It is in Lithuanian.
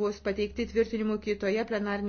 bus pateikti tvirtinimui kitoje plenarnėje